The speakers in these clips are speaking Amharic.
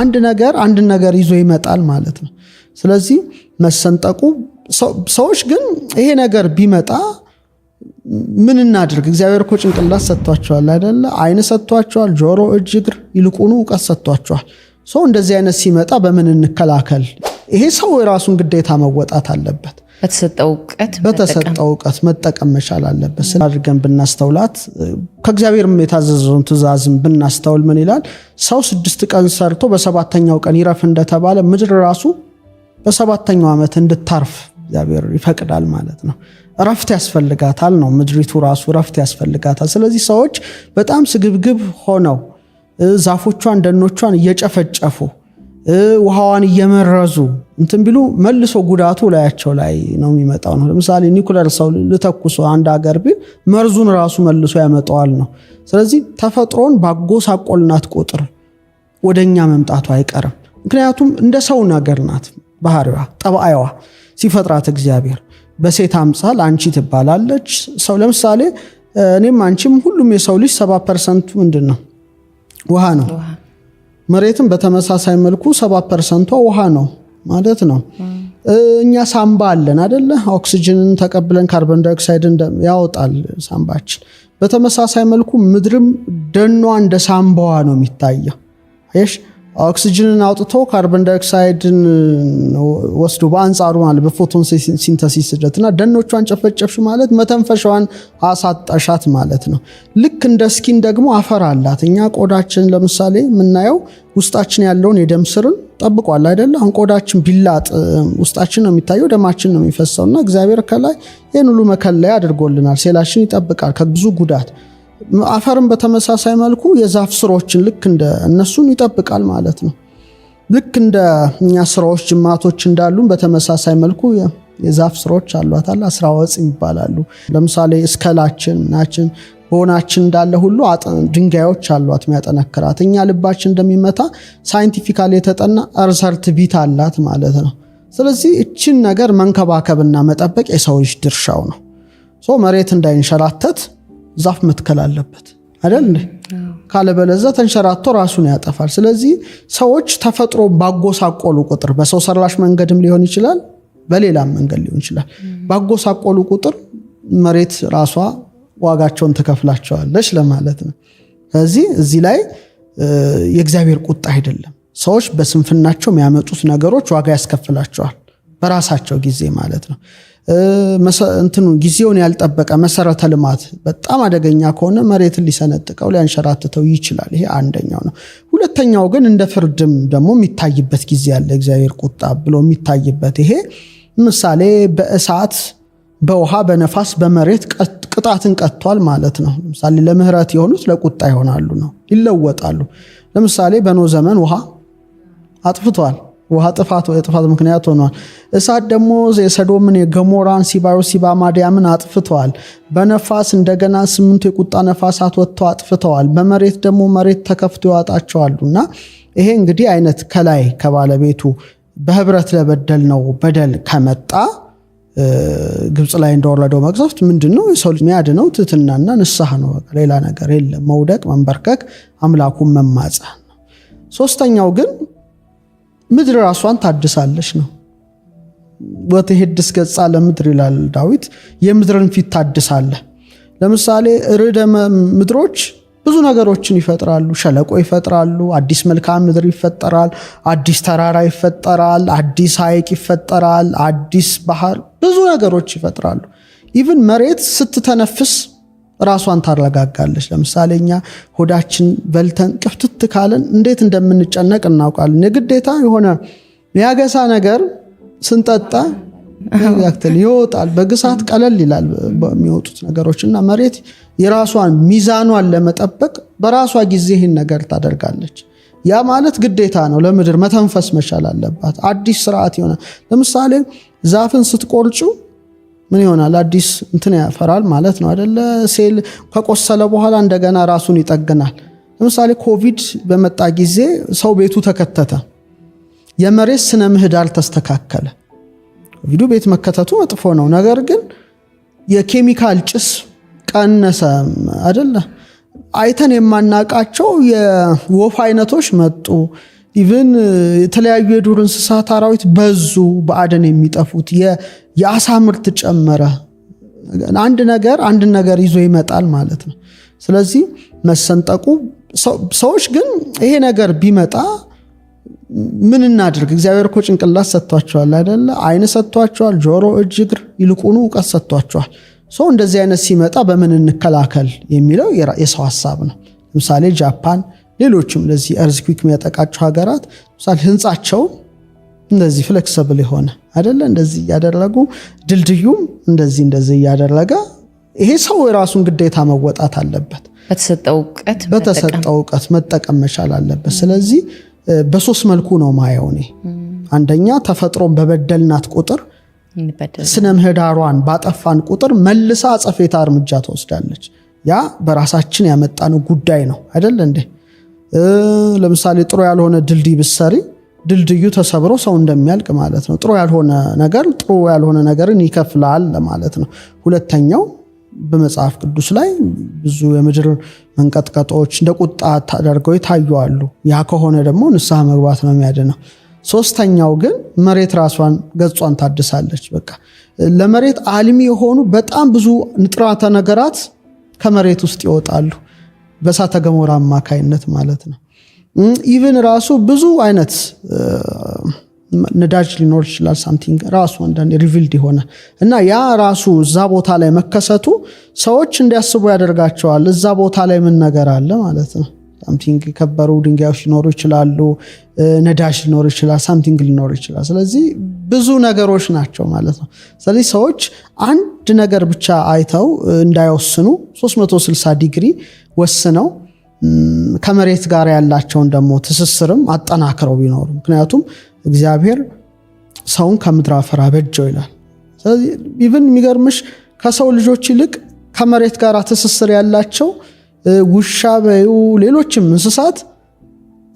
አንድ ነገር አንድ ነገር ይዞ ይመጣል ማለት ነው። ስለዚህ መሰንጠቁ ሰዎች ግን ይሄ ነገር ቢመጣ ምን እናድርግ? እግዚአብሔር እኮ ጭንቅላት ሰጥቷቸዋል አይደለ? አይን ሰጥቷቸዋል፣ ጆሮ፣ እጅ፣ እግር ይልቁኑ እውቀት ሰጥቷቸዋል። ሰው እንደዚህ አይነት ሲመጣ በምን እንከላከል? ይሄ ሰው የራሱን ግዴታ መወጣት አለበት። በተሰጠው እውቀት በተሰጠው እውቀት መጠቀም መቻል አለበት። ስለ አድርገን ብናስተውላት ከእግዚአብሔርም የታዘዘውን ትእዛዝን ብናስተውል ምን ይላል? ሰው ስድስት ቀን ሰርቶ በሰባተኛው ቀን ይረፍ እንደተባለ ምድር ራሱ በሰባተኛው ዓመት እንድታርፍ እግዚአብሔር ይፈቅዳል ማለት ነው። እረፍት ያስፈልጋታል ነው ምድሪቱ ራሱ እረፍት ያስፈልጋታል። ስለዚህ ሰዎች በጣም ስግብግብ ሆነው ዛፎቿን ደኖቿን እየጨፈጨፉ ውሃዋን እየመረዙ እንትን ቢሉ መልሶ ጉዳቱ ላያቸው ላይ ነው የሚመጣው ነው። ለምሳሌ ኒኩለር ሰው ልተኩሶ አንድ ሀገር ቢል መርዙን ራሱ መልሶ ያመጣዋል ነው። ስለዚህ ተፈጥሮን ባጎሳቆልናት ቁጥር ወደ እኛ መምጣቱ አይቀርም። ምክንያቱም እንደ ሰው ነገር ናት ባህሪዋ፣ ጠባይዋ ሲፈጥራት እግዚአብሔር በሴት አምሳል አንቺ ትባላለች። ሰው ለምሳሌ እኔም አንቺም ሁሉም የሰው ልጅ ሰባ ፐርሰንቱ ምንድን ነው ውሃ ነው። መሬትም በተመሳሳይ መልኩ ሰባ ፐርሰንቷ ውሃ ነው። ማለት ነው። እኛ ሳምባ አለን አደለ? ኦክሲጅንን ተቀብለን ካርቦን ዳይኦክሳይድን ያወጣል ሳምባችን። በተመሳሳይ መልኩ ምድርም ደኗ እንደ ሳምባዋ ነው የሚታየው። ኦክሲጅንን አውጥቶ ካርቦን ዳይኦክሳይድን ወስዶ በአንጻሩ ማለት በፎቶን ሲንተሲስ እና ደኖቿን ጨፈጨፍሽ ማለት መተንፈሻዋን አሳጣሻት ማለት ነው። ልክ እንደ ስኪን ደግሞ አፈር አላት። እኛ ቆዳችን ለምሳሌ የምናየው ውስጣችን ያለውን የደም ስርን ጠብቋል አይደለ? አሁን ቆዳችን ቢላጥ ውስጣችን ነው የሚታየው፣ ደማችን ነው የሚፈሰው እና እግዚአብሔር ከላይ ይህን ሁሉ መከለያ አድርጎልናል። ሴላችን ይጠብቃል ከብዙ ጉዳት። አፈርን በተመሳሳይ መልኩ የዛፍ ስሮችን ልክ እንደ እነሱን ይጠብቃል ማለት ነው። ልክ እንደ እኛ ስራዎች ጅማቶች እንዳሉን በተመሳሳይ መልኩ የዛፍ ስሮች አሏታል። አስራ ወፅ ይባላሉ። ለምሳሌ እስከላችን ምናችን በሆናችን እንዳለ ሁሉ ድንጋዮች አሏት የሚያጠነክራት። እኛ ልባችን እንደሚመታ ሳይንቲፊካል የተጠና ርሰርት ቢት አላት ማለት ነው። ስለዚህ እችን ነገር መንከባከብና መጠበቅ የሰው ልጅ ድርሻው ነው። መሬት እንዳይንሸራተት ዛፍ መትከል አለበት አይደል? ካለበለዚያ ተንሸራቶ ራሱን ያጠፋል። ስለዚህ ሰዎች ተፈጥሮ ባጎሳቆሉ ቁጥር በሰው ሰራሽ መንገድም ሊሆን ይችላል፣ በሌላም መንገድ ሊሆን ይችላል። ባጎሳቆሉ ቁጥር መሬት ራሷ ዋጋቸውን ትከፍላቸዋለች ለማለት ነው። ስለዚህ እዚህ ላይ የእግዚአብሔር ቁጣ አይደለም። ሰዎች በስንፍናቸው የሚያመጡት ነገሮች ዋጋ ያስከፍላቸዋል። በራሳቸው ጊዜ ማለት ነው። እንትኑ ጊዜውን ያልጠበቀ መሰረተ ልማት በጣም አደገኛ ከሆነ መሬትን ሊሰነጥቀው ሊያንሸራትተው ይችላል። ይሄ አንደኛው ነው። ሁለተኛው ግን እንደ ፍርድም ደግሞ የሚታይበት ጊዜ ያለ እግዚአብሔር ቁጣ ብሎ የሚታይበት ይሄ ምሳሌ በእሳት በውሃ በነፋስ በመሬት ቀጥ ቅጣትን ቀጥቷል ማለት ነው። ለምሳሌ ለምህረት የሆኑት ለቁጣ ይሆናሉ ነው ይለወጣሉ። ለምሳሌ በኖ ዘመን ውሃ አጥፍቷል። ውሃ ጥፋት የጥፋት ምክንያት ሆኗል። እሳት ደግሞ የሰዶምን፣ የገሞራን፣ ሲባሮ ሲባ ማዲያምን አጥፍተዋል። በነፋስ እንደገና ስምንቱ የቁጣ ነፋሳት ወጥተው አጥፍተዋል። በመሬት ደግሞ መሬት ተከፍቶ ይዋጣቸዋሉ እና ይሄ እንግዲህ አይነት ከላይ ከባለቤቱ በህብረት ለበደል ነው በደል ከመጣ ግብፅ ላይ እንደወረደው መቅሰፍት ምንድን ነው? የሰው ልጅ የሚያድነው ትትናና ንስሐ ነው። ሌላ ነገር የለም። መውደቅ፣ መንበርከክ፣ አምላኩን መማፀን ነው። ሶስተኛው ግን ምድር ራሷን ታድሳለች ነው። ወትሄድስ ገጻ ለምድር ይላል ዳዊት። የምድርን ፊት ታድሳለህ። ለምሳሌ ርዕደ ምድሮች ብዙ ነገሮችን ይፈጥራሉ። ሸለቆ ይፈጥራሉ። አዲስ መልክዓ ምድር ይፈጠራል። አዲስ ተራራ ይፈጠራል። አዲስ ሐይቅ ይፈጠራል። አዲስ ባህር፣ ብዙ ነገሮች ይፈጥራሉ። ኢቭን መሬት ስትተነፍስ ራሷን ታረጋጋለች። ለምሳሌ እኛ ሆዳችን በልተን ቅፍትት ካለን እንዴት እንደምንጨነቅ እናውቃለን። የግዴታ የሆነ ሚያገሳ ነገር ስንጠጣ ያክል ይወጣል። በግሳት ቀለል ይላል በሚወጡት ነገሮች እና መሬት የራሷን ሚዛኗን ለመጠበቅ በራሷ ጊዜ ይህን ነገር ታደርጋለች። ያ ማለት ግዴታ ነው። ለምድር መተንፈስ መቻል አለባት። አዲስ ስርዓት ይሆናል። ለምሳሌ ዛፍን ስትቆርጩ ምን ይሆናል? አዲስ እንትን ያፈራል ማለት ነው አደለ? ሴል ከቆሰለ በኋላ እንደገና ራሱን ይጠግናል። ለምሳሌ ኮቪድ በመጣ ጊዜ ሰው ቤቱ ተከተተ፣ የመሬት ስነ ምህዳር ተስተካከለ። ቪዲዮ ቤት መከተቱ መጥፎ ነው። ነገር ግን የኬሚካል ጭስ ቀነሰ አደለ? አይተን የማናቃቸው የወፍ አይነቶች መጡ። ኢቨን የተለያዩ የዱር እንስሳት አራዊት በዙ። በአደን የሚጠፉት የአሳ ምርት ጨመረ። አንድ ነገር አንድ ነገር ይዞ ይመጣል ማለት ነው። ስለዚህ መሰንጠቁ ሰዎች ግን ይሄ ነገር ቢመጣ ምን እናድርግ? እግዚአብሔር እኮ ጭንቅላት ሰጥቷቸዋል አይደለ? አይን ሰጥቷቸዋል፣ ጆሮ፣ እጅ፣ እግር፣ ይልቁኑ እውቀት ሰጥቷቸዋል። ሰው እንደዚህ አይነት ሲመጣ በምን እንከላከል የሚለው የሰው ሀሳብ ነው። ለምሳሌ ጃፓን፣ ሌሎችም እንደዚህ እርዝኩክ የሚያጠቃቸው ሀገራት ምሳሌ ህንፃቸውን እንደዚህ ፍሌክስብል የሆነ አይደለ እንደዚህ እያደረጉ ድልድዩም እንደዚህ እንደዚህ እያደረገ ይሄ ሰው የራሱን ግዴታ መወጣት አለበት። በተሰጠው እውቀት መጠቀም መቻል አለበት። ስለዚህ በሶስት መልኩ ነው ማየው እኔ። አንደኛ ተፈጥሮን በበደልናት ቁጥር ስነ ምህዳሯን ባጠፋን ቁጥር መልሳ አጸፌታ እርምጃ ትወስዳለች። ያ በራሳችን ያመጣነው ጉዳይ ነው አይደል እንዴ? ለምሳሌ ጥሩ ያልሆነ ድልድይ ብሰሪ ድልድዩ ተሰብሮ ሰው እንደሚያልቅ ማለት ነው። ጥሩ ያልሆነ ነገር ጥሩ ያልሆነ ነገርን ይከፍላል ለማለት ነው። ሁለተኛው በመጽሐፍ ቅዱስ ላይ ብዙ የምድር መንቀጥቀጦች እንደ ቁጣ ተደርገው ይታዩዋሉ። ያ ከሆነ ደግሞ ንስሐ መግባት ነው የሚያድነው። ሶስተኛው ግን መሬት ራሷን ገጿን ታድሳለች። በቃ ለመሬት አልሚ የሆኑ በጣም ብዙ ንጥራተ ነገራት ከመሬት ውስጥ ይወጣሉ በእሳተ ገሞራ አማካይነት ማለት ነው። ኢቭን ራሱ ብዙ አይነት ነዳጅ ሊኖር ይችላል ሳምቲንግ ራሱ አንዳንድ ሪቪልድ የሆነ እና ያ ራሱ እዛ ቦታ ላይ መከሰቱ ሰዎች እንዲያስቡ ያደርጋቸዋል። እዛ ቦታ ላይ ምን ነገር አለ ማለት ነው። ሳምቲንግ የከበሩ ድንጋዮች ሊኖሩ ይችላሉ፣ ነዳጅ ሊኖር ይችላል፣ ሳምቲንግ ሊኖር ይችላል። ስለዚህ ብዙ ነገሮች ናቸው ማለት ነው። ስለዚህ ሰዎች አንድ ነገር ብቻ አይተው እንዳይወስኑ 360 ዲግሪ ወስነው ከመሬት ጋር ያላቸውን ደግሞ ትስስርም አጠናክረው ቢኖሩ ምክንያቱም እግዚአብሔር ሰውን ከምድር አፈር አበጀው ይላል። ስለዚህ ኢቭን የሚገርምሽ ከሰው ልጆች ይልቅ ከመሬት ጋር ትስስር ያላቸው ውሻ በዩ ሌሎችም እንስሳት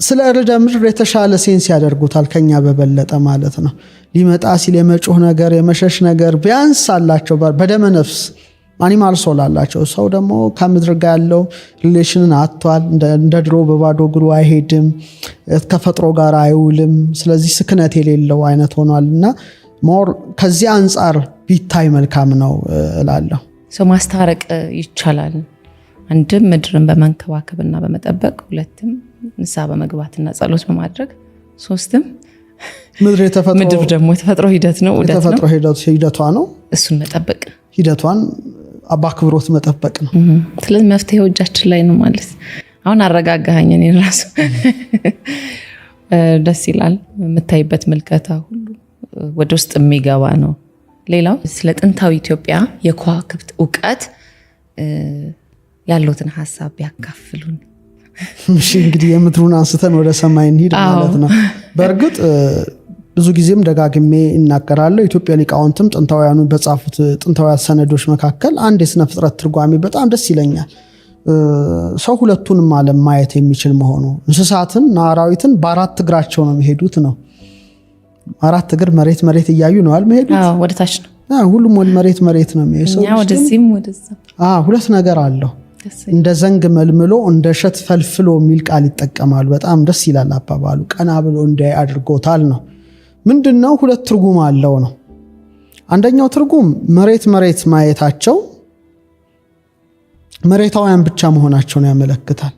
ስለ ርዕደ ምድር የተሻለ ሴንስ ያደርጉታል ከኛ በበለጠ ማለት ነው። ሊመጣ ሲል የመጮህ ነገር የመሸሽ ነገር ቢያንስ አላቸው በደመ ነፍስ አኒማል ሶል አላቸው። ሰው ደግሞ ከምድር ጋር ያለው ሪሌሽንን አጥቷል። እንደ ድሮ በባዶ እግሩ አይሄድም፣ ከፈጥሮ ጋር አይውልም። ስለዚህ ስክነት የሌለው አይነት ሆኗል እና ሞር ከዚህ አንጻር ቢታይ መልካም ነው እላለሁ። ሰው ማስታረቅ ይቻላል። አንድም ምድርን በመንከባከብ እና በመጠበቅ፣ ሁለትም ንስሐ በመግባትና ጸሎት በማድረግ፣ ሶስትም ምድር ደግሞ የተፈጥሮ ሂደት ነው፣ ሂደቷ ነው። እሱን መጠበቅ ሂደቷን በአክብሮት መጠበቅ ነው። ስለዚህ መፍትሄው እጃችን ላይ ነው ማለት አሁን አረጋጋኸኝ። እኔን ራሱ ደስ ይላል የምታይበት ምልከታ ሁሉ ወደ ውስጥ የሚገባ ነው። ሌላው ስለ ጥንታዊ ኢትዮጵያ የከዋክብት እውቀት ያለትን ሀሳብ ቢያካፍሉን። እሺ እንግዲህ የምድሩን አንስተን ወደ ሰማይ እንሂድ ማለት ነው። በእርግጥ ብዙ ጊዜም ደጋግሜ ይናገራለሁ። ኢትዮጵያ ሊቃውንትም ጥንታውያኑ በጻፉት ጥንታውያን ሰነዶች መካከል አንድ የስነ ፍጥረት ትርጓሜ በጣም ደስ ይለኛል። ሰው ሁለቱንም ዓለም ማየት የሚችል መሆኑ እንስሳትን አራዊትን በአራት እግራቸው ነው የሚሄዱት ነው። አራት እግር መሬት መሬት እያዩ ነዋል መሄዱት ወደታች ነው። ሁሉም ወደ መሬት መሬት ነው ሁለት ነገር አለው። እንደ ዘንግ መልምሎ እንደ እሸት ፈልፍሎ የሚል ቃል ይጠቀማሉ። በጣም ደስ ይላል አባባሉ። ቀና ብሎ እንዲያይ አድርጎታል ነው ምንድነው ሁለት ትርጉም አለው ነው። አንደኛው ትርጉም መሬት መሬት ማየታቸው መሬታውያን ብቻ መሆናቸውን ያመለክታል።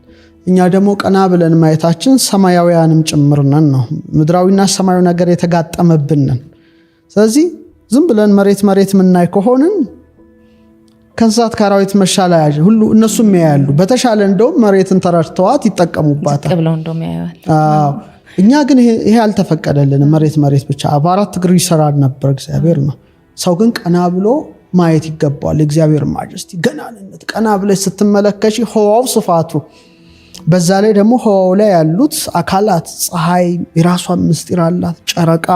እኛ ደግሞ ቀና ብለን ማየታችን ሰማያውያንም ጭምርነን ነው። ምድራዊና ሰማያዊ ነገር የተጋጠመብንን። ስለዚህ ዝም ብለን መሬት መሬት የምናይ ከሆንን ከእንስሳት ከአራዊት መሻላ ሁሉ እነሱም ያያሉ። በተሻለ እንደውም መሬትን ተረድተዋት ይጠቀሙባታል። እኛ ግን ይሄ አልተፈቀደልን። መሬት መሬት ብቻ በአራት እግር ይሰራል ነበር እግዚአብሔር ነው። ሰው ግን ቀና ብሎ ማየት ይገባዋል። እግዚአብሔር ማጀስቲ ገናንነት ቀና ብለሽ ስትመለከሽ ህዋው ስፋቱ፣ በዛ ላይ ደግሞ ህዋው ላይ ያሉት አካላት ፀሐይ የራሷን ምስጢር አላት፣ ጨረቃ፣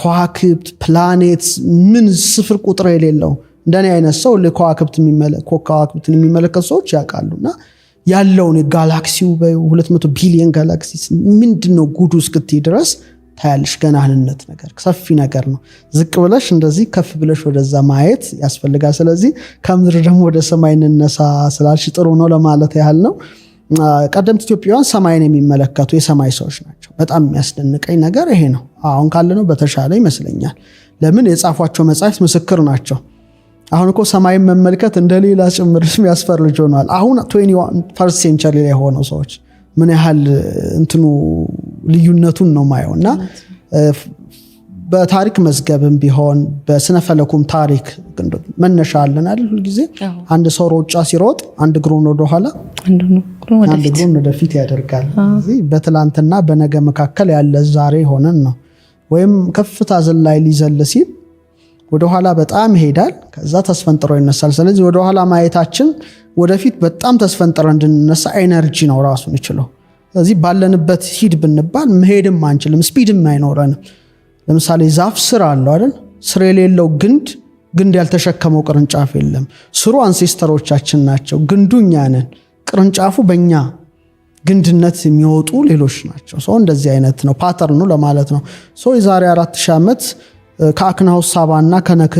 ከዋክብት፣ ፕላኔት ምን ስፍር ቁጥር የሌለው እንደኔ አይነት ሰው ከዋክብትን የሚመለከት ሰዎች ያውቃሉና ያለውን ጋላክሲው በ200 ቢሊየን ጋላክሲ ምንድን ነው ጉዱ እስክት ድረስ ታያለሽ። ገናህንነት ነገር ሰፊ ነገር ነው። ዝቅ ብለሽ እንደዚህ ከፍ ብለሽ ወደዛ ማየት ያስፈልጋል። ስለዚህ ከምድር ደግሞ ወደ ሰማይ እንነሳ ስላልሽ ጥሩ ነው ለማለት ያህል ነው። ቀደምት ኢትዮጵያውያን ሰማይን የሚመለከቱ የሰማይ ሰዎች ናቸው። በጣም የሚያስደንቀኝ ነገር ይሄ ነው። አሁን ካለነው በተሻለ ይመስለኛል። ለምን የጻፏቸው መጽሐፍት ምስክር ናቸው። አሁን እኮ ሰማይን መመልከት እንደ ሌላ ጭምር የሚያስፈር ልጅ ሆኗል። አሁን ትዌንቲ ፈርስት ሴንቸሪ ላይ የሆነው ሰዎች ምን ያህል እንትኑ ልዩነቱን ነው ማየው እና በታሪክ መዝገብም ቢሆን በስነፈለኩም ታሪክ መነሻ አለናል። ሁልጊዜ አንድ ሰው ሮጫ ሲሮጥ አንድ እግሩን ወደኋላ አንድ እግሩን ወደፊት ያደርጋል። በትላንትና በነገ መካከል ያለ ዛሬ ሆነን ነው ወይም ከፍታ ዝላይ ሊዘል ሲል ወደኋላ በጣም ይሄዳል። ከዛ ተስፈንጥሮ ይነሳል። ስለዚህ ወደኋላ ማየታችን ወደፊት በጣም ተስፈንጥረ እንድንነሳ ኤነርጂ ነው ራሱ የሚችለው። ስለዚህ ባለንበት ሂድ ብንባል መሄድም አንችልም፣ ስፒድም አይኖረንም። ለምሳሌ ዛፍ ስር አለው አይደል? ስር የሌለው ግንድ ግንድ ያልተሸከመው ቅርንጫፍ የለም። ስሩ አንሴስተሮቻችን ናቸው፣ ግንዱ እኛ ነን። ቅርንጫፉ በእኛ ግንድነት የሚወጡ ሌሎች ናቸው። ሰው እንደዚህ አይነት ነው ፓተርኑ ለማለት ነው። ሰው የዛሬ አራት ሺህ ዓመት ከአክናውስ ሳባ ከነክ